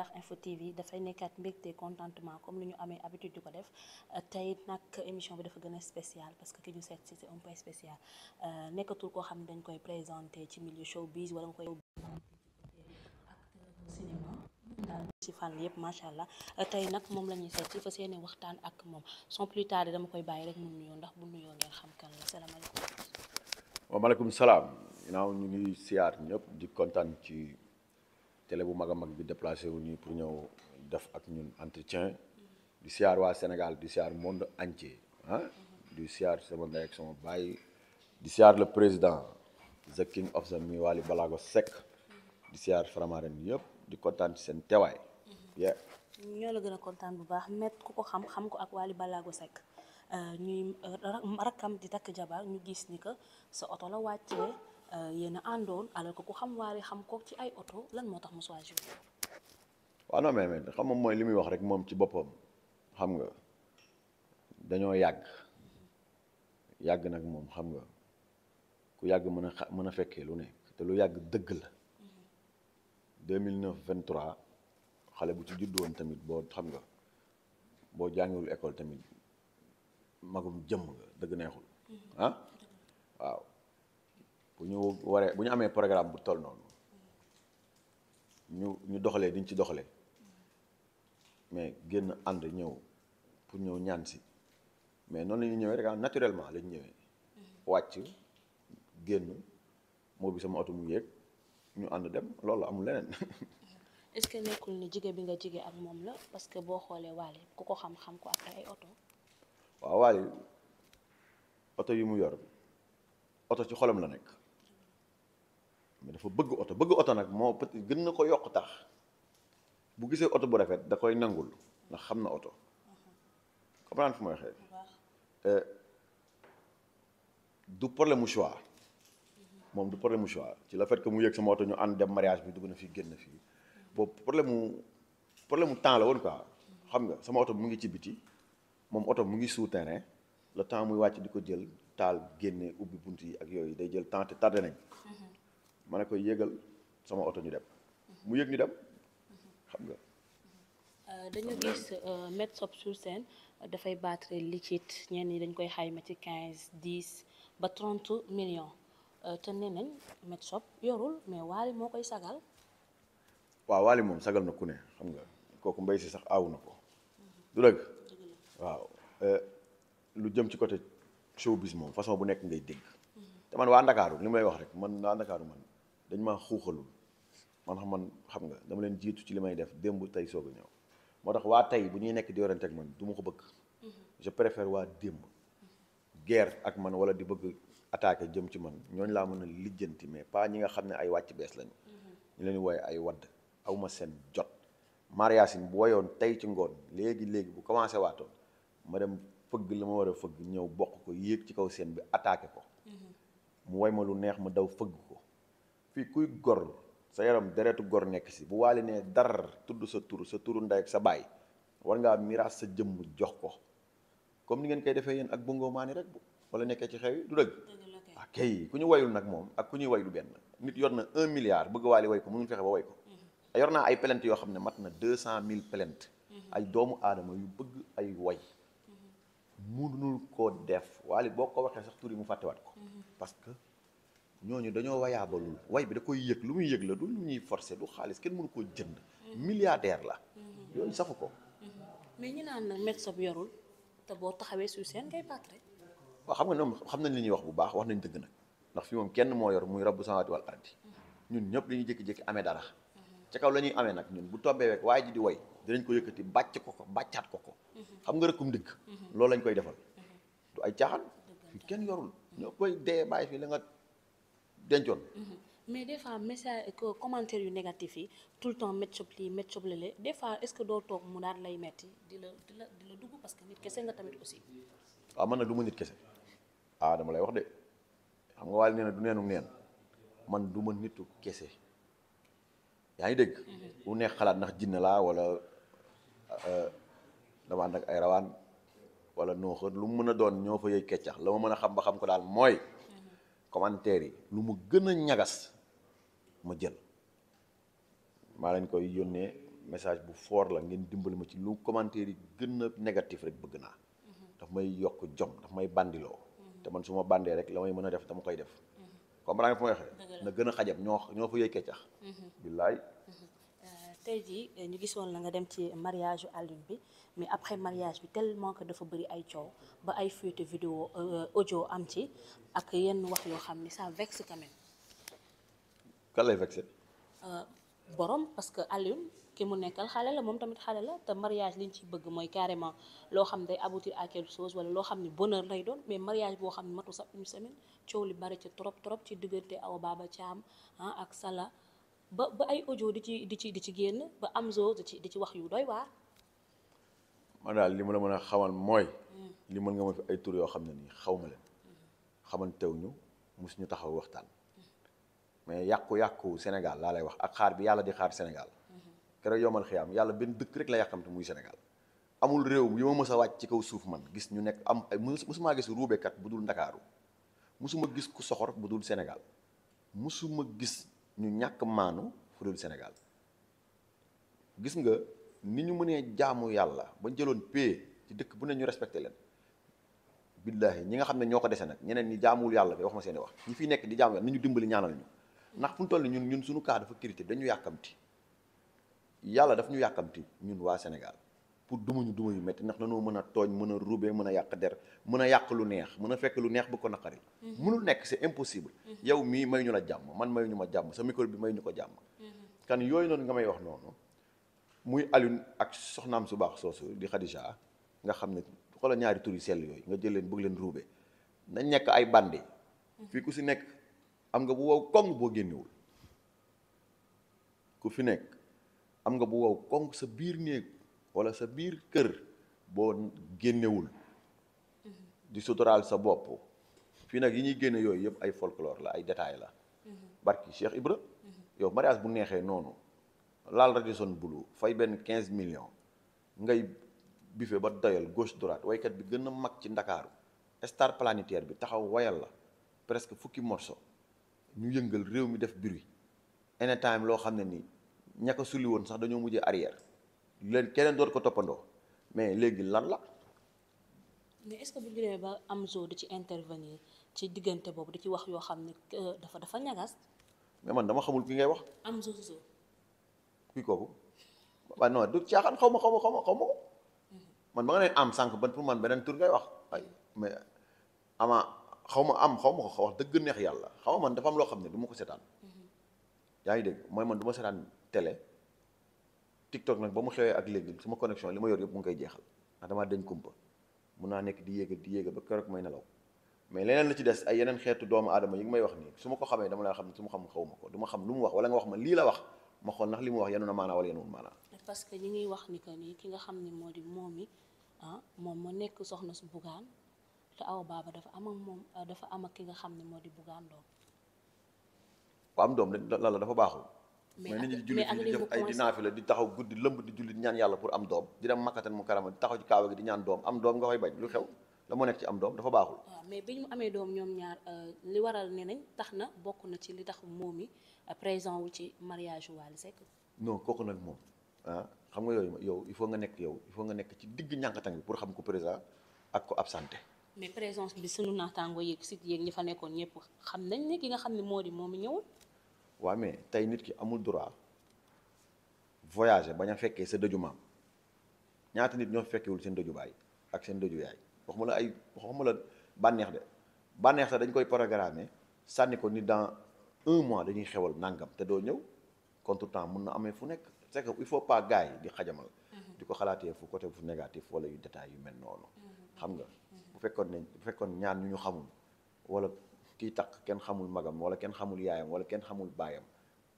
Dakar Info TV dafay nekkaat mbégte contentement comme ni ñu amee habitude di ko def euh, tey nag émission bi dafa gën a spécial parce que ki ñu seet si c'est un peu spécial euh, nekkatul koo xam ne dañ koy présenté ci milieu showbiz wala nga koy ci fànn yëpp macha allah euh, tey nag moom la ñuy seet si fa seeni waxtaan ak moom sans plus tarder dama koy bàyyi rek mu nuyoo ndax mu nuyoo ngeen xam kan la salaamaaleykum. waaleykum salaam ginnaaw ñu ngi siyaar ñëpp di kontaan ci. télé bu mag a mag bi déplacé wu nii pour ñëw def ak ñun entretien di siyaar waa Sénégal di siyaar monde entier ah di siyaar sama ndey ak sama baay di siyaar le président the king of the mi Wally Balago Seck di siyaar Faramareen yëpp di kontaan ci seen teewaay ñoo la gën a kontaan bu baax met ku ko xam xam ko ak Wally Balago Seck euh, ñuy euh, rakkam di takk jabar ñu gis ni que sa oto la wàccee Euh, yéen a àndoon alors que ku xam waari xam kook ci ay oto lan moo tax mu choisir. waaw non mais mais xam moom mooy li muy wax rek moom ci boppam xam nga dañoo yàgg yàgg nag moom xam nga ku yàgg mën a mën a fekkee lu nekk te lu yàgg dëgg la 2009 mm-hmm. 23 xale bu ci juddoon tamit boo xam nga boo jàngiwul école tamit magum jëm nga dëgg neexul mm-hmm. ah? waaw. bu ñu waree bu ñu amee programme bu toll noonu ñu ñu doxalee diñ ci doxalee mais génn ànd ñëw pour ñëw ñaan si mais noonu la ñëwee rek ah, naturellement la ñu ñëwee wàcc génn moo bi sama oto mu yéeg ñu ànd dem loolu amul leneen. est-ce que nekkul ni bi nga jige ak moom la parce que boo xoolee Wally ku ko xam-xam ko ak ay oto. waaw Wally oto yi mu yor oto ci xolam la nekk. mais dafa bëgg oto bëgg oto nag moo peut gën na ko yokk tax bu gisee oto bu rafet da koy nangul ndax xam na oto comprendre fu ma waxee euh, du problème mu choix moom du problème mu choix ci la fait que mu yëg sama oto ñu ànd dem mariage bi dugg na fii génn fii boobu problème mu problème mu temps la woon quoi xam nga sama oto mu ngi ci biti moom oto mu ngi souterrain le temps muy wàcc di ko jël taal génne ubbi bunt yi ak yooyu day jël temps te tardé ma a koy yéegal sama oto ñu dem mu yëg ñu dem xam nga. Euh, dañu gis euh, Met Shop sur scène dafay battre liquide ñenn ñi dañ koy xayma ci quinze dix ba trente millions euh, te nee nañ Met Shop yorul mais Wally moo koy sagal. waaw Wally moom sagal na ku ne xam nga kooku mbay si sax aawu na ko. du dëgg waaw lu jëm ci côté showbiz moom façon bu nekk ngay dégg. te man waa Ndakaaru li may wax rek man waa Ndakaaru man. dañ ma xuuxalul man xam man xam nga dama leen jiitu ci li may def démb tey soog a ñëw moo tax waa tey bu ñuy nekk di yorante ak man duma ko bëgg mhm. je préfère waa démb mhm. guerre ak man wala di bëgg attaqué jëm ci man ñooñu laa mën a lijjanti mais pas ñi nga xam ne ay wàcc bees lañu mhm. ñu leen wooye ay wadd awma seen jot mariasin bu woyoon tey ci ngoon léegi-léegi bu commencé waatoon ma dem fëgg la ma war a fëgg ñëw bokk ko yéeg ci kaw seen bi attaqué ko mu woy ma lu neex ma daw fëgg fii kuy gor sa yaram deretu gor nekk si bu waali ne dar tudd sa tur sa tur ndey ak sa baay war ngaa miraas sa jëmm jox ko comme ni ngeen koy defee yéen ak bongo maani rek wala nekkee ci xew yi du ku ñu wayul nag moom ak ku ñuy way du benn nit yoon na un milliard bëgg waali way ko mënul fexe ba way ko mm-hmm. yor naa ay plainte yoo xam ne mat na deux cent mille plainte mm-hmm. ay doomu aadama yu bëgg ay way mënul mm-hmm. ko def waali boo ko waxee sax tur yi mu fàttewaat ko parce ñooñu dañoo wayaabalul way bi da koy yëg lu muy yëg la du lu ñuy forcé du xaalis kenn mënu koo jënd mm-hmm. milliardaire la mm-hmm. yooyu safu ko mm-hmm. mais ñu naan nag Met Shop yorul te boo taxawee suy seen ngay baat rek waaw xam nga li ñuy wax bu baax wax nañ dëgg nag ndax fi moom kenn moo yor muy rabbu samawati wal ardi ñun ñëpp dañuy jékki-jékki amee dara ca kaw la ñuy amee nag ñun bu tombee waaye ji di way dinañ ko yëkkati bàcc ko ko bàccaat ko ko xam nga rëkkum dikk loolu lañ koy defal du ay caaxaan kenn yorul ñoo koy dee bàyyi fi la dencoon. Mhm. mais des fois message commentaire yu négatif yi tout le temps métti lii métti lële des fois est ce que doo toog mu daal lay metti di la di la dugg parce que nit kese nga tamit aussi. waaw ah, man nag du ma nit kese ah dama lay wax de xam nga waaye nee na du neenu neen man du ma nitu kese yaa ngi dégg. Mhm. lu neex xalaat ndax jinne laa wala euh, dama ànd ak ay rawaan wala nooxat lu mu mën a doon ñoo fa yëy keccax la ma mën a xam ba xam ko daal mooy. commentaire yi lu mu gën a ñagas ma jël maa lañ koy yónnee message bu foor la ngeen dimbali ma ci lu commentaire yi gën a négatif rek bëgg naa mhm. daf may yokk jom daf may bandiloo mhm. te man su ma bandee rek la may mën a def dama koy def mhm. comprendre nga fu may waxee na gën a xajam ñoo ñoo fa yëy keccax billaay tey jii eh, ñu gisoon la nga dem ci mariage Alioune bi mais après mariage bi tellement que dafa bëri ay coow ba ay fuite vidéo euh, audio am ci ak yenn wax yoo xam ni sa vexe quand même. lay vexé. Euh, borom parce que Alioune ki mu nekkal xale la moom tamit xale la te mariage liñ ci bëgg mooy carrément loo xam day aboutir à quelque chose loo xam ni bonheur lay doon mais mariage boo xam ne matu sa une semaine coow li bari ci trop trop ci diggante Awa Baba Thiam ah ak Sala. ba ba ay ojo di ci di ci di ci génn ba am di ci di ci wax yu doy waar. man daal li ma la mën a xamal mooy. Hmm. li mën nga ma fi ay tur yoo xam ne nii xaw ma leen. Hmm. xamantewuñu mosuñu taxaw waxtaan. Hmm. mais yàqu-yàqu Sénégal laa wax ak xaar bi yàlla di xaar Sénégal. keroog yomal xiyaam yàlla benn dëkk rek la yàqamte muy Sénégal. amul réew yi ma mës a ci kaw suuf man gis ñu nekk am ay mësumaa gis ruubekat bu dul Ndakaaru mësuma gis ku soxor bu dul senegal Sénégal ma gis. ñu ñàkk maanu fu Sénégal gis nga ni ñu mënee jaamu yàlla bañ jëloon paix ci dëkk bu ne ñu respecté leen billahi ñi nga xam ne ñoo ko dese nag ñeneen ñi jaamuwul yàlla bi wax ma seeni wax ñi fi nekk di jaamu yàlla ni ñu dimbali ñaanal ñu ndax fu mu toll ñun ñun suñu kaa dafa critique dañu yàkkamti yàlla daf ñu yàkkamti ñun waa Sénégal pour dumuñu duma yu metti ndax dañoo mën a tooñ mën a rubee mën a yàq der mën a yàq lu neex mën a fekk lu neex bu ko naqari mënul mm-hmm. nekk si impossible mm-hmm. yow mii may ñu la jàmm man may ñu ma jàmm sa micro bi may ñu ko jàmm mm-hmm. kan yooyu noonu nga may wax noonu muy Alioune ak soxnaam su baax soosu di Khadija nga xam ne xoola ñaari tur sell yooyu nga jël leen bëgg leen rube nañ nekk ay bandi fii ku si nekk am nga bu wow koŋ boo génnewul fi nekk am nga bu wow koŋ sa biir néeg wala sa biir kër boo génnewul mhm. di suturaal sa bopp fii nag yi ñuy génne yooyu yëpp ay folklore la ay détails la mhm. barki Cheikh Ibra mhm. yow mariage bu neexee noonu laal Radisson Blu fay benn quinze millions ngay bife ba doyal gos droite waykat bi gën a mag ci ndakaaru star planétaire bi taxaw wayal la presque fukki morceau ñu yëngal réew mi def biri anytime loo xam ne nii ña ko sulli woon sax dañoo mujjee arrière leen keneen doot ko toppandoo mais léegi lan la. mais est-ce que bu ñu demee ba Amzo di ci intervenir ci diggante boobu di ci wax yoo xam ne euh, dafa dafa ñagas. mais man dama xamul ki ngay wax. Amzo Soso. kii kooku waaw non du xaw ma xaw ma xaw ma ma ko man ba ne am sànq ban pour man beneen tur ngay wax ay mais ama xaw ma am xaw ma ko wax dëgg neex yàlla xaw ma man dafa am loo xam ne duma ko seetaan. Mm-hmm. yaa ngi dégg mooy man du ma télé. TikTok nag ba mu xewee ak léegi sama connexion li ma yor yëpp mu ngi koy jeexal ndax damaa dañ kumpa mun naa nekk di yéega di yéega ba keroog may nelaw mais leneen la ci des ay yeneen xeetu doomu adama yi ngi may wax nii su ma ko xamee dama laa xam ne su ma xam xaw ma mu wax wala nga wax ma lii la wax ma xool li mu wax yenu na maanaa wala yenuwul maanaa parce que ñi wax ni ki nga xam ne moo di moom mi ah, moom moo nekk soxna su bugaan te aw baaba dafa am ak moom dafa am ak ki nga xam ne moo di bugaan doom ko am doom la la dafa baaxul mais ak mais julli di def ay di naafi la di taxaw guddi lëmb di julli di ñaan yàlla pour am doom di dem makkatan mu karama di taxaw ci kaawa gi di ñaan doom am doom nga koy bañ lu xew la moo nekk ci am doom dafa baaxul. waaw mais bi ñu amee doom ñoom ñaar euh, li waral ne nañ tax na bokk na ci li tax moom yi euh, présent wu ci mariage Wally Seck. non kooku nag moom ah xam nga yooyu yow il faut nga nekk yow il faut nga nekk ci digg ñànkatan bi pour xam ko présent ak ko absenté. mais présence bi sunu naataango yeeg site yeeg ñi fa nekkoon ñëpp xam nañ ne ki nga xam ne moo di moom ñëwul waa mais tey nit ki amul droit voyager bañ a fekkee sa dëju ñaata nit ñoo fekkewul seen dëju baay ak seen dëju yaay waxuma la ay waxuma la bànneex de bànneex sax dañ koy programmer sànni ko ni dans un mois dañuy xewal nangam te doo ñëw contretemps mun na amee fu nekk c'est que il faut pas gars yi di xajamal. Mm-hmm. di ko xalaatee fu côté fu négatif wala yu détails yu mel noonu. Mm-hmm. xam nga mm-hmm. bu fekkoon ne bu fekkoon ñaan ñu ñu xamul wala. kii takk kenn xamul magam wala kenn xamul yaayam wala kenn xamul baayam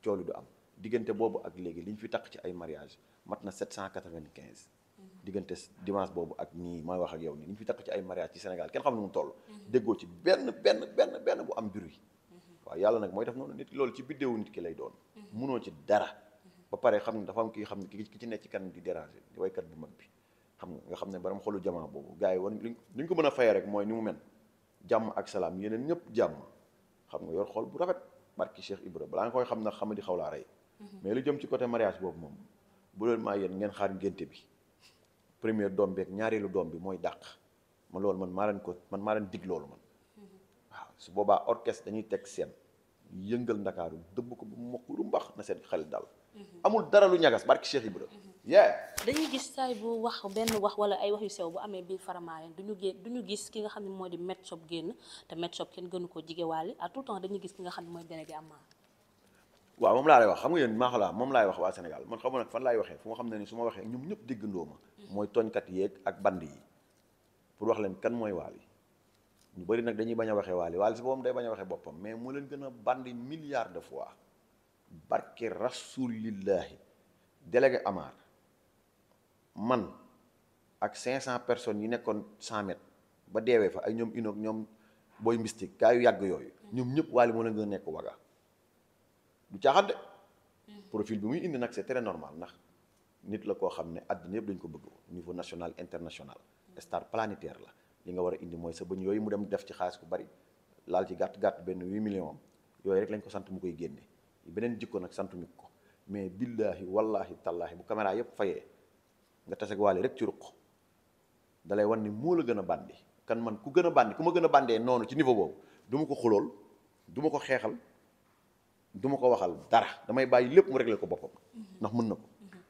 coolu du am diggante boobu ak léegi li ñu fi takk ci ay mariage mat na 795 diggante dimanche boobu ak nii may wax ak yow nii li ñu fi takk ci ay mariage ci Sénégal kenn xam ne mu toll mhm. déggoo ci benn benn bu am bruit mhm. waaw yàlla nag mooy def noonu nit loolu ci biddéewu nit ki lay doon mhm. munoo ci dara ba pare xam ne dafa am kii xam ne ki ci nekk ci kan di déranger di waykat bu mag bi xam nga nga xam a fayee rek mooy jàmm ak salaam yeneen ñëpp jàmm xam nga yor xool bu rafet barki Cheikh Ibra balaa nga koy xam nag xamadi xaw laa rey mhm. mais lu jëm ci côté mariage boobu moom bu leen ma yéen ngeen xaar ngénte bi premier doom beeg ñaareelu doom bi mooy dàq ma loolu man maa leen ko man maa leen dig loolu man mhm. waaw su boobaa orchestre dañuy teg seen yëngal ndakaaru dëbb ko bu mokk lu mbax na seen xel daal mhm. amul dara lu ñagas barki Cheikh Ibra dañuy gis saay bu wax benn wax wala ay wax yu sew bu amee biir faramaaren duñu génn duñu gis ki nga xam ne moo di Met Shop génn te Met Shop kenn gënu ko jigewaale à tout temps dañuy gis ki nga xam ne mooy délégué Ama waaw moom laa lay wax xam nga yéen maa xalaa moom laay wax waa Sénégal man xamu nag fan laay waxee fu ma xam ne ni su ma waxee ñoom ñëpp déggandoo ma mm. mooy tooñkat yeeg ak band yi pour wax leen kan mooy waali ñu bëri nag dañuy bañ a waxee waali waali si boppam day bañ a waxee boppam mais moo leen gën a bandi milliards de fois barke rasulillahi délégué Amar man ak cent personnes yi nekkoon 100 mètres ba deewee fa ay ñoom inoog ñoom booy mystique gaa yu yàgg yooyu ñoom ñëpp waali moo leen gën nekk waga du caaxaan de hmm. profil bi muy indi nag c'est très normal ndax nit la koo xam ne àddina yëpp dañ ko bëgg niveau national international hmm. star planétaire la li nga war a indi mooy sa bëñ yooyu mu dem def ci xaalis bu bari laal ci gàtt gàtt benn huit million yooyu rek lañ ko sant mu koy génne beneen jikko nag santuñu ko mais billahi wallahi tallahi bu caméra yëpp fayee nga tase ak rek ci ruq dalay wan ni moo la gën a bandi kan man ku gën a bandi ku ma gën a bandee noonu ci niveau boobu duma ko xulool duma ko xeexal duma ko waxal dara damay bàyyi lépp mu réglé ko boppam ndax mun na ko mm-hmm.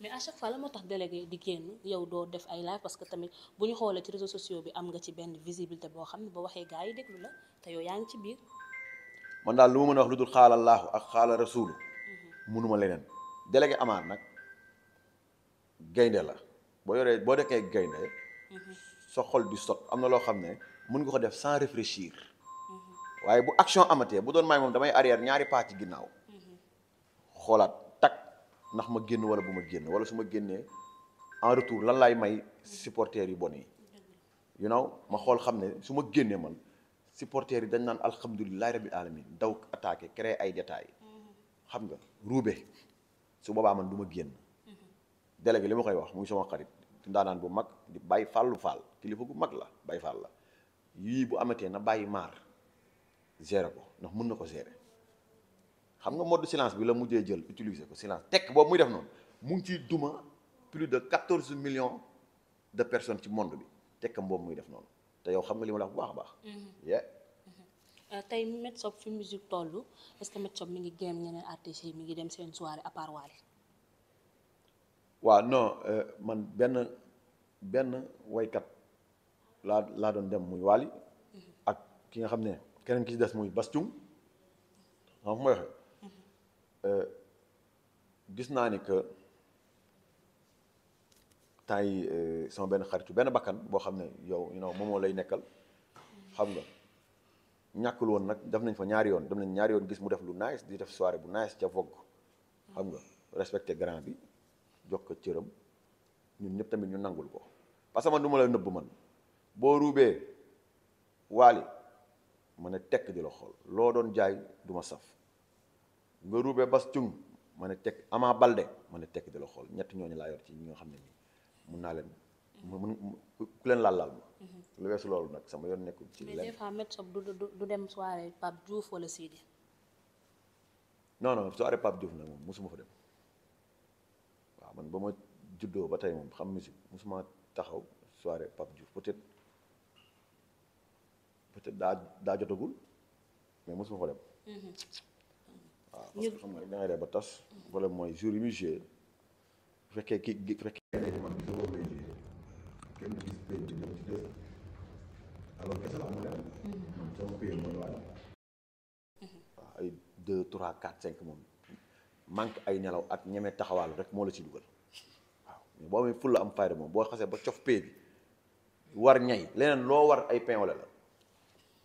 mais à chaque fois la moo tax délégué di génn yow doo def ay live parce que tamit bu ñu xoolee ci réseaux sociaux bi am nga ci benn te boo xam ne ba waxee gars yi déglu la te yow yaa ngi ci biir man daal lu ma mën a wax lu dul xaalallaahu ak xaala rasuulu mm-hmm. mënuma leneen délégué amaat nag gaynde la boo yoree boo dekkee gaynde sa xol di sot am na loo xam ne mën nga ko def sans réfléchir waaye bu action amatee bu doon may moom damay arrière ñaari pas ginnaaw xoolaat tak ndax ma génn wala bu ma génn wala su ma génnee en retour lan laay may supporters yu bon yi you know ma xool xam ne su ma génnee man supporters yi dañ naan alhamdulilahi rabbil alamin daw attaqué créer ay détails xam nga ruube su boobaa man du ma génn délégué li ma koy wax muy sama xarit ndaanaan bu mag di bàyyi fàllu faal kilifa gu mag la bàyyi faal la yii bu amatee na bàyyi maar gérer ko ndax mën na ko gérer xam nga mode silence bi la mujjee jël utiliser ko silence tekk boobu muy def noonu mu ngi ciy duma plus de quatorze millions de personnes ci monde bi tekk boobu muy def noonu te yow xam nga li ma la wax bu baax a baax. Mm-hmm. yeah. Mm-hmm. Uh, tey Metshop fi musique toll est-ce que Metshop mi ngi génn ñeneen artistes yi ngi dem seen waaw non euh, man benn benn waykat laa laa doon dem muy Waly ak ki nga xam ne keneen ki ci des muy Bass Thioung xam nga may waxee euh, gis naa ni que temps yi euh, sama benn xaritu benn bakkan boo xam ne yow you moom moo lay nekkal xam nga ñàkkul woon nag def nañ fa ñaari yoon dem nañ ñaari yoon gis mu def lu nice di def soirée bu nice ca Vogue xam nga respecté grand bi jox ko cëram ñu ñëpp tamit ñu nangul ko parce que man du ma la nëbb man boo ruubee waali ma ne tekk di la xool loo doon jaay du ma saf nga ruubee bas cung ma ne tekk Ama Balde ma ne tekk di la xool ñett ñooñu laa yor ci ñi nga xam ne nii mun naa leen mun ku leen laal laal ma mhm. lu weesu loolu nag sama yoon nekkul ci lenn mais des fois médecin du du dem soirée Pape Diouf wala Sidi non non soirée Pape nag moom mosuma fa dem man ba ma juddoo ba tey moom xam musique musuma taxaw soirée Pape Diouf peut-être peut-être daa daa jotagul mais musuma fa mhm. waaw parce que xam ba tas. problème mooy jour yi muy fekkee ki bu fekkee kenn ku nekk kenn gis pay bi ñëw ci des dem. Mhm. man mhm. ay deux trois quatre cinq moom. manque ay nelaw ak ñeme taxawaalu rek moo la ci dugal waaw mais boo amee fulla am fayda moom boo xasee ba cof pee bi war ñay leneen loo war ay pain wala la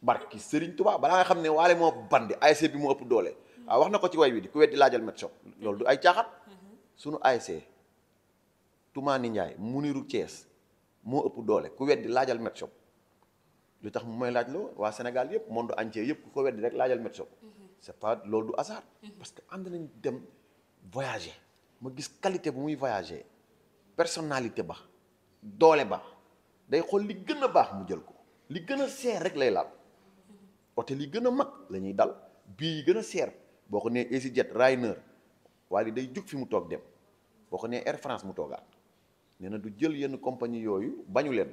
barki sëriñ Touba balaa nga xam ne waale moo bandi ASC bi moo ëpp doole. wax na ko ci way wi di laajal met shop loolu du ay caaxat sunu ASC Toumani Ndiaye Muniru Thiès moo ëpp doole ku weddi laajal met shop lu tax mu may laaj loo waa Sénégal yëpp monde entier yëpp ku ko weddi rek laajal met shop c'est pas loolu du hasard. Mhm. parce que ànd nañ dem voyager ma gis qualité bu muy voyager personnalité ba doole ba day xool li gën a baax mu jël ko li gën a seer rek lay lal hôtel li gën a mag la ñuy dal bii yi gën a seer boo ko nee EasyJet Ryanair waaye day jug fi mu toog dem boo ko nee Air France mu toogaat nee na du jël yenn compagnie yooyu bañu leen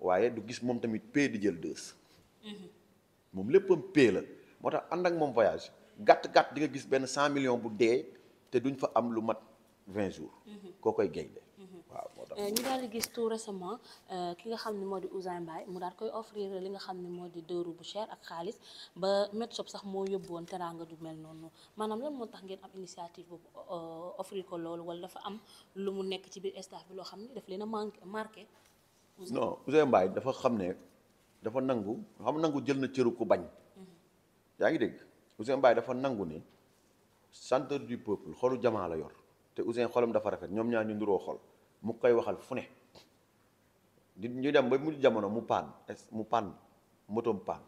waaye du gis moom tamit pay di jël deux mhm. moom léppam pay la. moo tax ànd ak moom voyage gàtt gàtt di nga gis benn cent millions bu dee te duñ fa am lu mat vingt jours. Mhm. koo koy gaynde mhm. waaw moo tax euh, ñu daal di gis tout récemment euh, ki nga xam ne moo di Ouzin mu daal koy offrir li nga xam ne moo di dëru bu cher ak xaalis ba Metshop sax moo yóbbu woon teraanga du mel noonu maanaam lan moo tax ngeen am initiative boobu euh, offrir ko loolu wala dafa am lu mu nekk ci biir staff bi loo xam ne daf leen a manqué marqué. non Ouzin Mbaye dafa xam ne dafa nangu xam nangu jël na cëru ku bañ. yaa ngi dégg Ouzin Mbaye dafa nangu ne centre du peuple xolu jamaa la yor te Ouzin xolam dafa rafet ñoom ñaar ñu nduroo xol mu koy waxal fu ne di ñu dem ba mu jamono mu paan mu paan motoom paan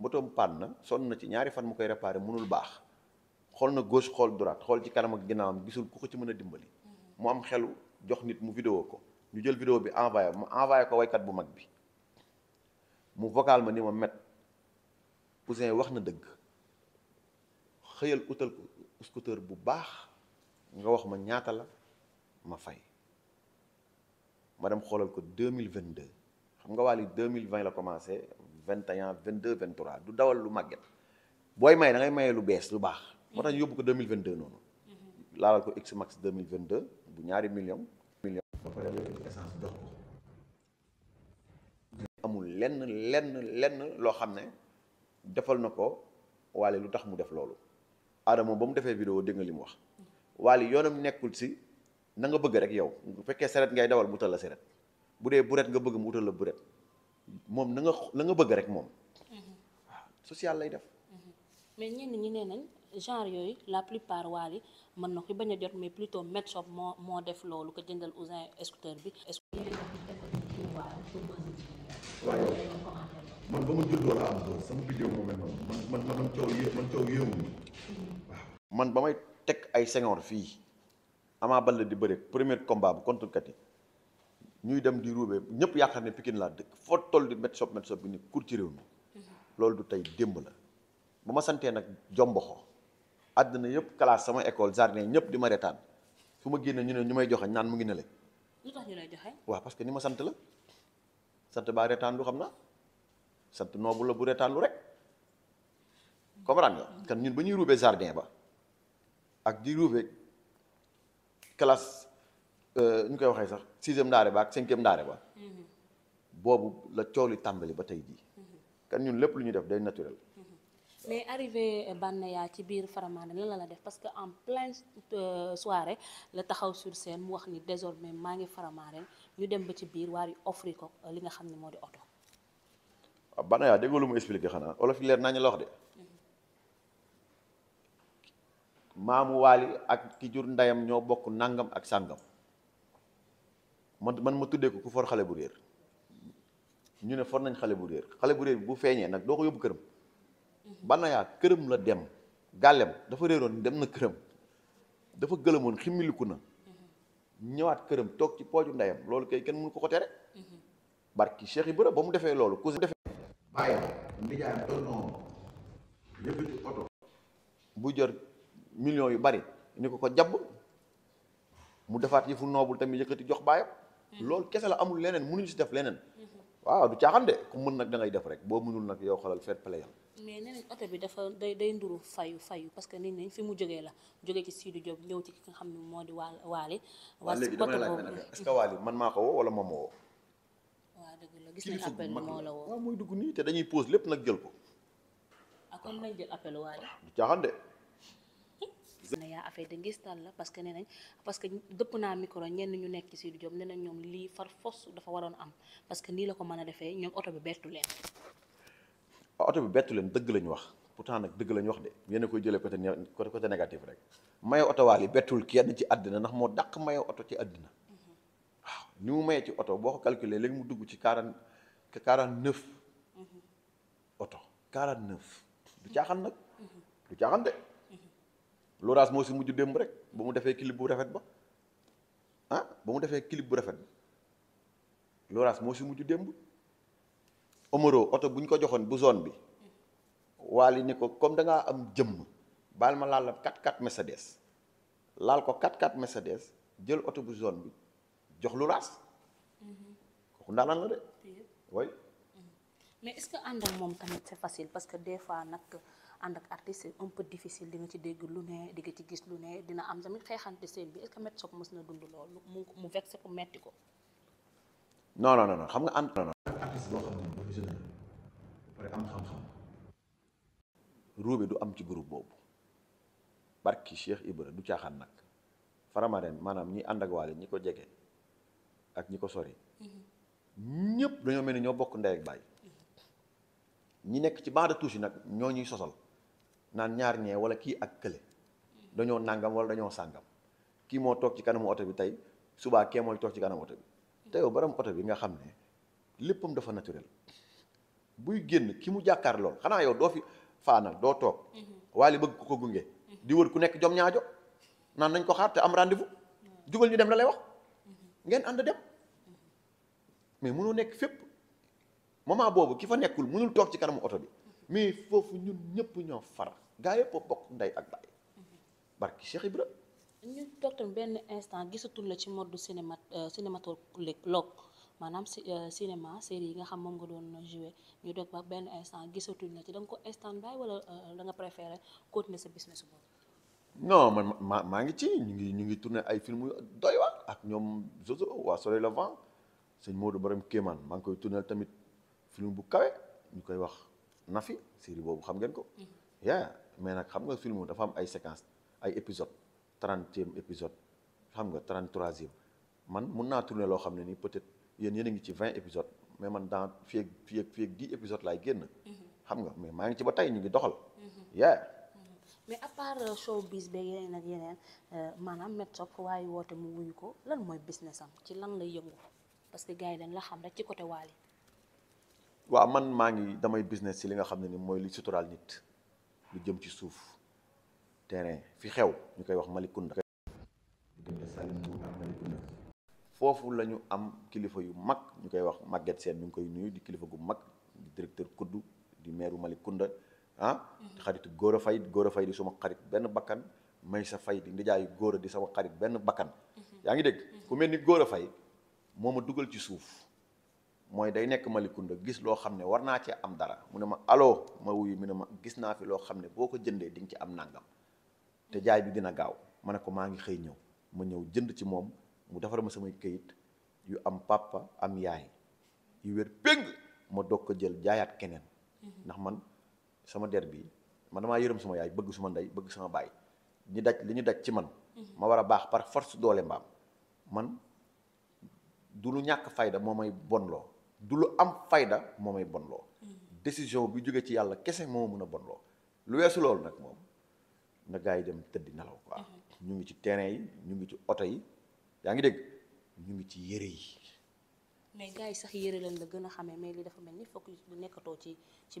motoom paan na sonn na ci ñaari fan mu koy réparé mënul baax xool na gauche xool droite xool ci kanam ak ginnaawam gisul ku ko ci mën a dimbali mm-hmm. mu am xelu jox nit mu vidéo ko ñu jël vidéo bi envoyé mu envoyé ko waykat bu mag bi mu vocal ma ni ma met Ouzin wax na dëgg xëyal utal scooter bu baax nga wax ma ñaata la ma fay ma dem xoolal ko deux mille vingt deux xam nga Wally deux mille vingt la commencé vingt et un vingt deux trois du dawal lu màgget booy may dangay ngay maye lu bees lu baax moo tax ñu yóbbu ko deux mille vingt deux noonu mhm. laalal ko x max deux mille vingt deux bu ñaari million million ba pare amul lenn lenn loo xam ne defal na ko waale lu tax mu def loolu Adama ba mu defee vidéo dégg nga li mu wax waale yoonam nekkul si na nga bëgg rek yow bu fekkee seret ngay dawal mu utal la seret bu dee buret nga bëgg mu utal la buret moom na nga na bëgg rek moom waaw mm-hmm. ah, lay def mm-hmm. mais ñenn ñi nee nañ genre yooyu la plupart waali mën na ko bañ a jot mais plutôt Med Shop moo moo def loolu ko jëndal Ousin scooter bi man ba ma juddoo laa am sama bidéo moo man man man man coow yé man coow yéemu man ba may teg ay Senghor fii Ama Baldé di bëre premier combat bu contre Kati ñuy dem di ruubee ñëpp yaakaar ne Pikine laa dëkk foo toll di métti sop métti sop bi ni kur ci loolu du tey démb la bu ma santee nag jomboxo àddina yëpp classe sama école jardin ñëpp di ma retaan su ma génne ñu ne ñu may joxe naan mu ngi ne le. lu tax ñu lay joxe. waaw parce que ni ma sant la sant baa retaan xam na sant noobu la bu reetaanlu rek comprendre nga kan ñun ba ñuy ruubee jardin ba ak di ruubee classe euh, ñu koy waxee sax sixième ndaare ba ak cinquième ndaare ba mm-hmm. boobu la coow li tàmbali ba tey jii mm-hmm. kan ñun lépp lu ñuy def day naturel mm-hmm. mais arrivé Banaya ci biir Faramaren lan la la def parce que en plein euh, soirée la taxaw sur scène mu wax ni désormais maa ngi Faramaren ñu dem ba ci biir waar yi offrir ko euh, li nga xam ne moo di oto waaw ah, Banaya déggoo lu mu expliqué xanaa olof yi leer ñu la wax de maamu ak ki jur ndeyam ñoo bokk nangam ak sàngam man man ma tuddee ko ku for xale bu réer ñu ne for nañ xale bu réer xale bu réer bu feeñee nag doo ko yóbbu këram Banaya këram la dem gàllem dafa réeroon dem na këram dafa gëlëmoon ximmiliku na ñëwaat këram toog ci pooju ndeyam loolu kay kenn mënu ko ko tere mhm. barki Cheikh Ibra ba mu defee loolu ku bàyyi nijaayam bu jër millions yu bari ñu ko ko jàpp mu defaat yëfu noobul tamit yëkkati jox baayam loolu kese la amul leneen mënuñu si def leneen waaw du caaxaan de ku mën nag da def rek boo mënul nag yow xolal fair play yam mais nee oto bi dafa day day nduru fayu fayu parce que nit nañ fi mu jógee la jógee ci Sidy Diop ñëw ci ki nga xam ne moo di waal waali waa léegi dama laaj est-ce que waali man maa ko woo wala moom moo woo waa dëgg la gis nañ appel moo la woo waaw mooy dugg nii te dañuy pause lépp nag jël ko. ah kon nañ jël appel waaye. Ah, du caaxaan de. na yaa affaire de ngistal la parce que nee nañ parce que dëpp naa micro ñenn ñu nekk ci Sidy Diop nee nañ ñoom lii far fos dafa waroon am parce que nii la ko mën a defee ñoom oto bi bettu leen. Ah, oto bi bettu leen dëgg lañu wax tax nag dëgg lañu wax de yéen a koy jëlee côté côté négatif rek mayo oto waa yi bettul kenn ci àddina ndax moo dàq mayo oto ci àddina ni mu mayee ci oto boo ko calculer léegi mu dugg ci quarante quarante neuf oto quarante neuf du caaxaan nag du caaxaan de l'orage moo si mujj démb rek ba mu defee kilib bu rafet ba ah ba mu defee clip bu rafet bi l'orage moo si mujj démb omoro oto bu ñu ko joxoon bu zone bi waali ni ko comme da am jëmm baal ma laal la 4 4 Mercedes laal ko 4 4 Mercedes jël oto bu zone bi jox lu laas. kooku mais est-ce que ànd ak moom tamit c'est facile parce que des fois nag ànd ak artiste c'est un peu difficile di nga ci dégg lu ne di nga ci gis lu ne dina am tamit xeexante seen bi est-ce que Met Shop mës na dund loolu mu mu vexé ko metti ko. non non non xam nga ànd. non non boo xam ne ruube du am ci groupe boobu barki Cheikh Ibra du caaxaan nag faramaaren maanaam ñi ànd ak ñi ko jege. ak ñi ko sori mm-hmm. ñëpp dañoo mel ni ñoo bokk ndey ak baay mm-hmm. ñi nekk ci banc de touche nag ñoo ñuy sosal naan ñaar ñee wala kii ak kële mm-hmm. dañoo nàngam wala dañoo sàngam kii moo toog ci kanamu oto bi tey subaa kee mooy toog ci kanamu oto bi te yow borom oto bi nga xam ne léppam dafa naturel buy génn ki mu jàkkaar lool xanaa yow doo fi faanal doo toog waali bëgg ku ko gunge di wër ku nekk jom ñaajo naan nañ ko xaar te am rendez-vous jugal ñu dem la lay wax ngeen ànd dem mais mënoo nekk fépp moment boobu ki fa nekkul mënul toog ci kanamu oto bi mais foofu ñun ñëpp ñoo far gaa yëpp a bokk ndey ak baay barki Cheikh Ibra ñu toog tam benn instant gisatul la ci mode cinéma euh, cinématologue maanaam ci euh, cinéma série yi nga xam moom nga doon joué ñu dog ba benn instant gisatul la ci da nga ko instant bàyyi wala euh, da nga préféré continuer sa business boobu non man ma maa ngi ci ñu ngi ñu ngi tourné ay film doy waar ak ñoom Zozo waa Soleil Levant sëñ Modou Borom Kéemaan maa ngi koy tourné tamit film bu kawe ñu koy wax Nafi série boobu xam ngeen ko. Mm-hmm. mais nag xam nga film dafa am ay séquence ay épisode trentième épisode xam nga trente troisième man mun naa tourné loo xam ne nii peut-être yéen yéen a ngi ci vingt épisode mais man dans fii ak fii ak fii épisode laay génn. Mm-hmm. xam nga mais maa ngi ci ba tey ñu ngi doxal. Mm-hmm. mais à part euh, showbiz beeg yeneen ak yeneen euh, maanaam Metshop waaye woote mu wuyu ko lan mooy business am ci lan lay yëngu parce que gars yi dañ la xam rek ci côté Wally. waaw man maa ngi damay business ci li nga xam ne ni mooy li suturaal nit lu jëm ci suuf terrain fi xew ñu koy wax Malicounda. foofu lañu am kilifa yu mag ñu koy wax màgget seen ñu ngi koy nuyu di kilifa gu mag di directeur kuddu di maire Malicounda ah xaritu góor a fay góor a fay di suma xarit benn bakkan may sa fay di ndijaayu góor a di sama xarit benn bakkan yaa ngi dégg ku mel ni góor a fay moo ma dugal ci suuf mooy day nekk malikunda gis loo xam ne war naa cee am dara mu ne ma allo ma wuyu mu ne ma gis naa fi loo xam ne boo ko jëndee di nga ci am nangam te jaay bi dina gaaw ma ne ko maa ngi xëy ñëw ma ñëw jënd ci moom mu defar ma samay këyit yu am papa am yaay yu wér péng ma doog ko jël jaayaat keneen ndax man sama der bi man damaa yërëm sama yaay bëgg suma ndey bëgg sama baay ñu daj li ñu daj ci man mhm. ma war a baax par force doole mbaam man du lu ñàkk fayda moo may bonloo du lu am fayda moo may bonloo mhm. décision bi jógee ci yàlla kese moo mën a bonloo lu weesu loolu nag moom na gars yi dem tëdd nelaw quoi mhm. ñu ngi ci terrain yi ñu ngi ci oto yi yaa ngi dëgg ñu ngi ci yére yi mais gars yi sax yére lañ la gën a xamee mais li dafa mel ni focus bu nekkatoo ci ci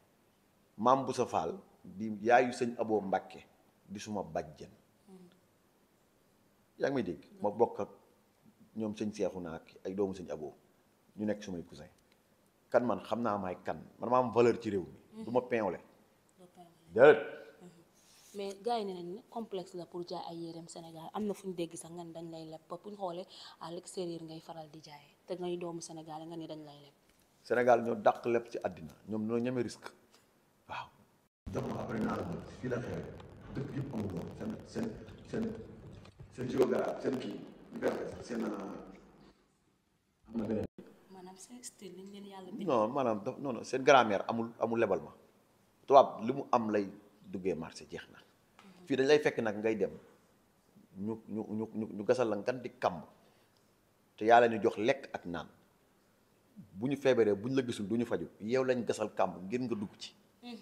maam Boussa Fall di yaayu sëñ Abo Mbàkke di suma bàjjen jën ngi may dégg ma bokk ak ñoom sëñ seexu naa ak ay doomu sëñ Abo ñu nekk sumay cousin kan man xam naa maay kan man maa valeur ci réew mi mhm. du ma pinwle déedéet mhm. mais gars yi ne nañ ne complexe la pour jaay ay yéreem Sénégal am na fu ñu dégg sax nga ne dañ lay leb ba bu ñu xoolee à l'extérieur ngay faral di jaay te ngay doomu Sénégal nga ne dañ lay leb Sénégal ñoo daq leb ci àddina ñoom ñoo ñeme risque waaw. jamono après naa la bëgg fii seen seen amul amul lebal ma tubaab li mu am lay duggee marché jeex na. Mhm. fii dañ lay fekk nag ngay dem ñu ñu ñu gasal la ngan di kàmb te yàlla ñu jox lekk ak naan bu ñu feebaree bu ñu la gisul duñu ñu faju yow lañ gasal kàmb ngir nga dugg ci. waaw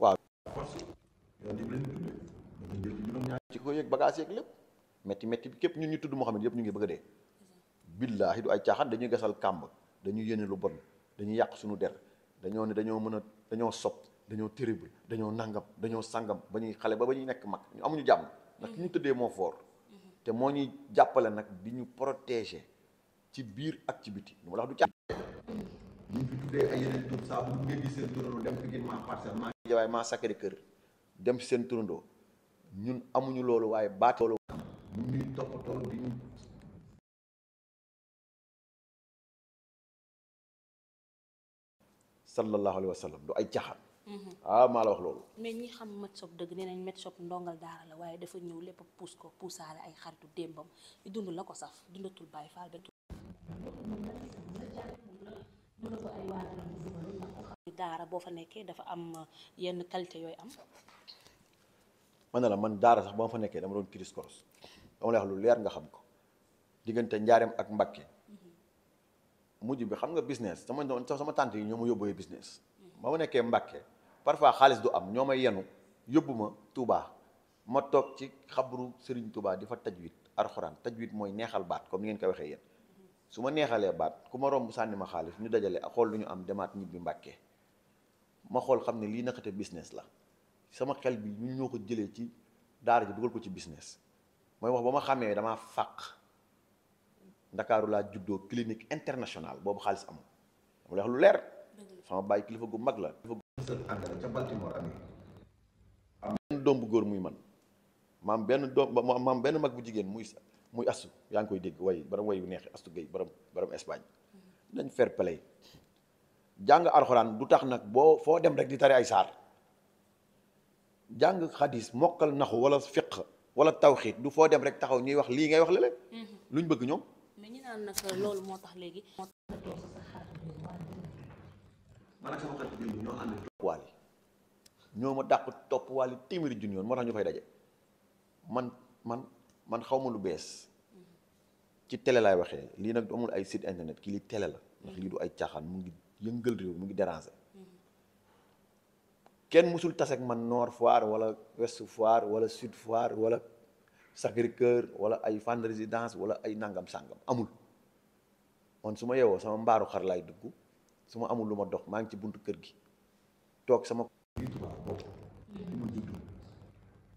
waaw ci ko yeeg bagage yeeg lépp métti métti bi képp ñun ñu tudd Mouhamed yëpp ñu ngi bëgg a dee billaahi du ay caaxaan dañuy gasal kàmb dañuy yéene lu bon dañuy yàq suñu der dañoo ne dañoo mën a dañoo sopp dañoo terrible dañoo nangam dañoo sangam ba ñuy xale ba ba ñuy nekk mag ñu amuñu jàmm ndax ki ñu tëddee moo foor mm-hmm. te moo ñuy jàppale nag di ñu protéger ci biir ak ci biti lu ma la wax du caa. ñu fi tuddee ay yeneen tur saa bu ngeen gis seen turandoo dem Pikine maa Parcelles maa Guédiawaye maa Sacré-Cœur dem seen turandoo ñun amuñu loolu waaye baati loolu. ñu ngi toppatoo di ñu. sallallahu alayhi wa du ay caaxaan. Mm-hmm. ah maa la wax loolu. mais ñi xam Metshop dëgg nee nañ Metshop ndongal daara la waaye dafa ñëw lépp puus ko puusaale ay xaritu démbam dund la ko saf dundatul Baay Faal ndox daara boo fa nekkee dafa am uh, yenn qualité yooyu am man na la man daara sax ba ma fa nekkee dama doon kiris koros dama lay wax lu leer nga xam ko diggante njaareem ak Mbakke mm-hmm. mujj bi xam nga business sama doon sama tànt yi ñoo ma yóbbu business ba ma nekkee Mbakke parfois xaalis du am ñoo may yenu yóbbu ma Tuubaa ma toog ci xabru Sëriñ Tuubaa di fa tajwid alxuraan tajwid mooy neexal baat comme ni ngeen ko waxee yéen su ma neexalee baat ku ma romb sànni ma xaalis ñu dajale ak xool lu ñu am demaat ñibbi mbàkke ma xool xam ne lii naqate business la sama xel bi ñu ñoo ko jëlee ci daara ji dugal ko ci business mooy wax ba ma xamee damaa fàq ndakaaru laa juddoo clinique internationale boobu xaalis amul dama lay wax lu leer sama bàyyi kilifa gu mag la ca Baltimore amee am benn doom bu góor muy man maam benn doom maam benn mag bu jigéen muy muy astu yaa ngi koy dégg way borom way yu neex astu gay borom borom Espagne nañ fair play jàng alxuraan du tax nag boo foo dem rek di tari ay saar jàng xadis mokkal naxu wala fiq wala tawxiit du foo dem rek taxaw ñuy wax lii ngay wax lale mm-hmm. luñ bëgg ñoom. mais moo tax léegi. man ak sama xarit bi ñoo ànd topp ma dàq topp waali téeméeri junni yoon moo tax ñu fay daje man man. man xaw ma lu bees ci télé laay waxee lii nag amul ay site internet kii li télé la ndax lii du ay caaxaan mu ngi yëngal réew mu ngi déranger kenn musul tase man Nord Foire walla Ouest Foire wala Sud Foire wala Sacré-Cœur wala ay Fann Résidence wala ay nangam sangam amul man su ma yeewoo sama mbaaru xar laay dugg su ma amul lu ma dox maa ngi ci buntu kër gi toog sama. lii tubaab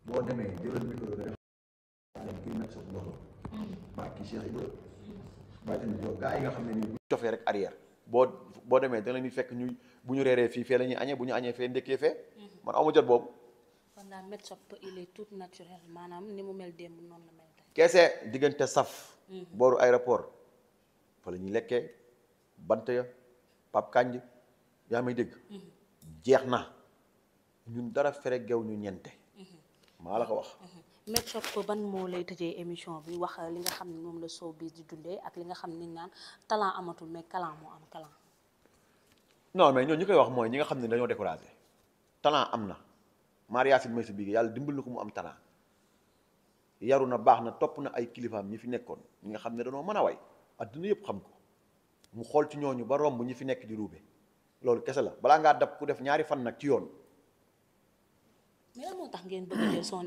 boobu demee jëlal micro kii nag boo boo demee da leen di bu ñu reeree fii fee la bu ñu añee fee ndekkee fee man aw ma jot boobu ni mu mel démb noonu keese diggante saf booru aéroport fa la ñuy lekkee bant ya pap kanj yaa may dégg jeex na ñun dara fere gew ñu ñente maa la ko wax Me Shop ban moo lay tëjee émission bi wax li nga xam ne moom la showbiz di dundee ak li nga xam ne naan talent amatul mais talent moo am talent. non mais ñu koy wax mooy ñi nga xam ne dañoo découragé talent am na Maria Sy bi yàlla dimbal ko mu am talent yaru na baax na topp na ay kilifaam ñi fi nekkoon ñi nga xam ne dañoo mën a way adduna yëpp xam ko mu xool ci ñooñu ba romb ñi fi nekk di ruube loolu kese la balaa ngaa dab ku def ñaari fan nag ci yoon. mais moo tax ngeen bëgg a jël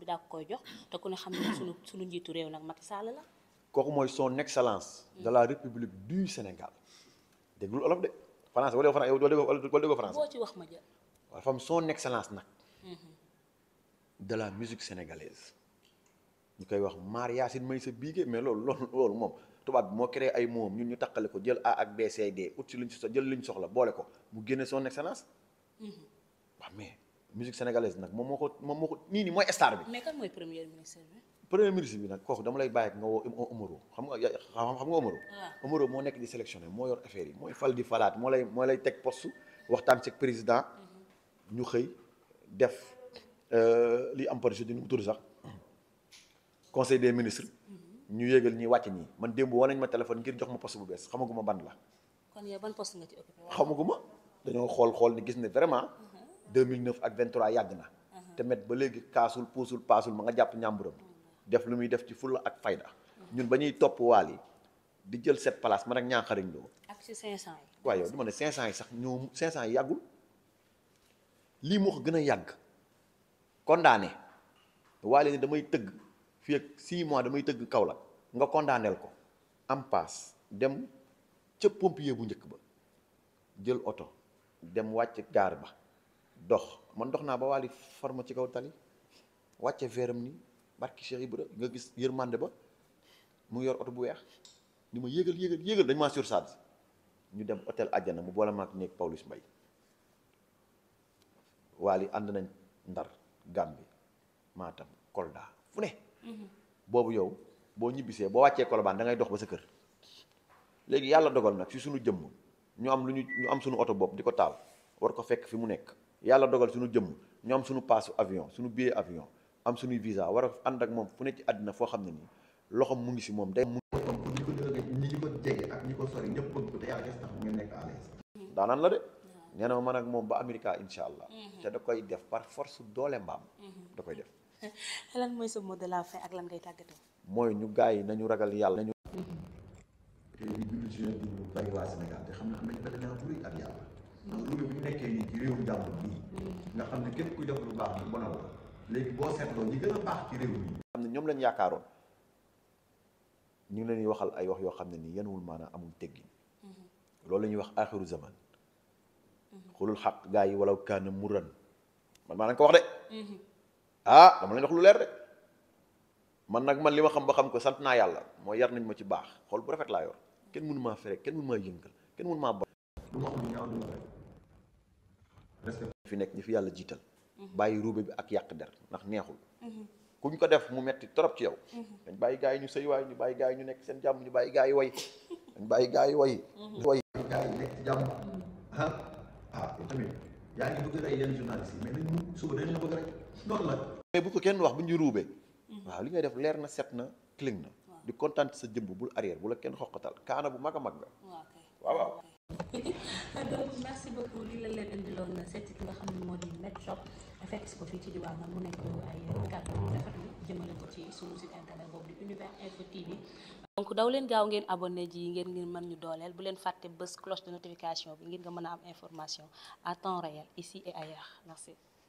bi daa koy jox te ku ne xam ne sunu sunu njiitu réew nag Macky Sall la. kooku mooy son excellence. de la république du Sénégal. déglul olof de France wala France wala déggoo France. boo ci wax ma jël. waaw fam son excellence nag. Mhm. de la musique sénégalaise. ñu koy wax Mar Yacine Meissa Bigué mais loolu loolu loolu moom tubaab bi moo créé ay moom ñun ñu taqale ko jël A ak B C D ut si luñ si jël luñ soxla boole ko mu génne son excellence. Mhm. musique sénégalaise nag moom moo ko moom moo ko nii nii mooy star bi. mais ministre bi. premier ministre bi nag kooku dama lay bàyyi ak nga woo Omaro xam nga xam nga Omaro. waaw ah. moo nekk di sélectionné moo yor affaire yi mooy fal di falaat moo lay moo lay teg poste waxtaan ci président. Mhm. ñu xëy def euh, li am par jeudi mu tudd sax conseil des ministre mhm. ñu yégal ñi wàcc ñi man démb woo nañ ma téléphone ngir jox ma post bu bees xamaguma ban la. ban poste nga ci occupé. xamaguma dañoo xool xool ni gis ne vraiment. Mhm. 2009 ak 23 yàgg na. Mhm. te met ba léegi kaasul puusul paasul ma nga jàpp ñàmburam. def lu muy def ci fulla ak fayda. Mhm. ñun ba ñuy topp waal yi di jël cette place man ak ñaaxariñ loo. ak ci 500 yi. waaw yow dama ne 500 yi sax ñoom 500 yi lii moo gën a yàgg condamné waale ni damay tëgg fii ak 6 mois damay tëgg Kaolack nga condamneel ko am paas dem ca pompier bu njëkk ba jël oto dem wàcc jaar ba. dox man dox naa ba waali forme ci kaw tali wàcce veeram ni barki Cheikh Ibra nga gis yërmande ba mu yor oto bu weex ni ma yéegal yéegal yéegal dañ maa surcharge ñu dem hôtel Àjjana mu boole maag néeg Pawlish Mbaye waali ànd nañ Ndar Gàmbi Matam Kolda fu ne mhm. boobu yow boo ñibbisee boo wàccee Colobane da ngay dox ba sa kër léegi yàlla dogal nag ci sunu jëmm ñu am lu ñu ñu am suñu oto bopp di ko taal war ko fekk fi mu nekk yàlla dogal suñu jëmm ñoom am suñu paasu avion suñu biir avion am suñuy visa war a ànd ak moom fu nekk ci àddina foo xam ne nii loxo mu ngi si moom day mu ñi ko ñi ko ak ñi ko ñëpp bëgg ko te yàlla tax ngeen nekk à l'aise daanaan la de nee man ak moom ba Amerika incha allah mhm. te da koy def par force doole mbaam mhm. da koy def lan mooy sa mot de lan ngay tàggatoo mooy ñu gaa yi nañu ragal yàlla nañu mhm. te ñu julli ci yonent bi bari waa Sénégal te xam ne am nañ benn lien bu rëy ak yàlla bu ñu nekkee nii ci réewum jàmbur bii mm. nga xam ne képp ku def lu baax lu bon a léegi boo seetloo ñi ñoom lañ yaakaaroon ñu ngi leen di waxal ay yoo xam ne nii yenuwul maanaam amul teggin mm-hmm. loolu la ñuy wax axiru zaman mm-hmm. xulul xaq gaa yi walaw kaana muran man maa ko wax de mm-hmm. ah dama leen wax lu leer de man nag man li ma xam ba xam ko sant naa yàlla mooy yar nañ ma ci baax xool bu rafet laa yor kenn mënu maa fere kenn mënu maa yëngal kenn mënu maa bu ma xam ne ànduma rek respect fi nekk ñi fi yàlla jiital mhm. bàyyi ruube ak yàq der ndax neexul mhm. kuñ ko def mu metti trop yow mhm. dañ yi ñu sëy waay ñu bàyyi yi ñu nekk seen jàmm ñu bàyyi gars yi way dañ yi way way gars ah, ah, bu ko kenn wax bu ñu ruube waaw li ngay def leer na set na cling na di kontaan sa jëmb bul arrière bu la kenn xoqatal kaana bu mag a mag nga waaw donc merci beaucoup li ci diwaan daw leen gaaw ngeen abonné ji ngeen ngeen mën ñu dooleel bu leen fàtte bës cloche de notification bi ngir nga mën a am information à temps réel ici et ailleurs merci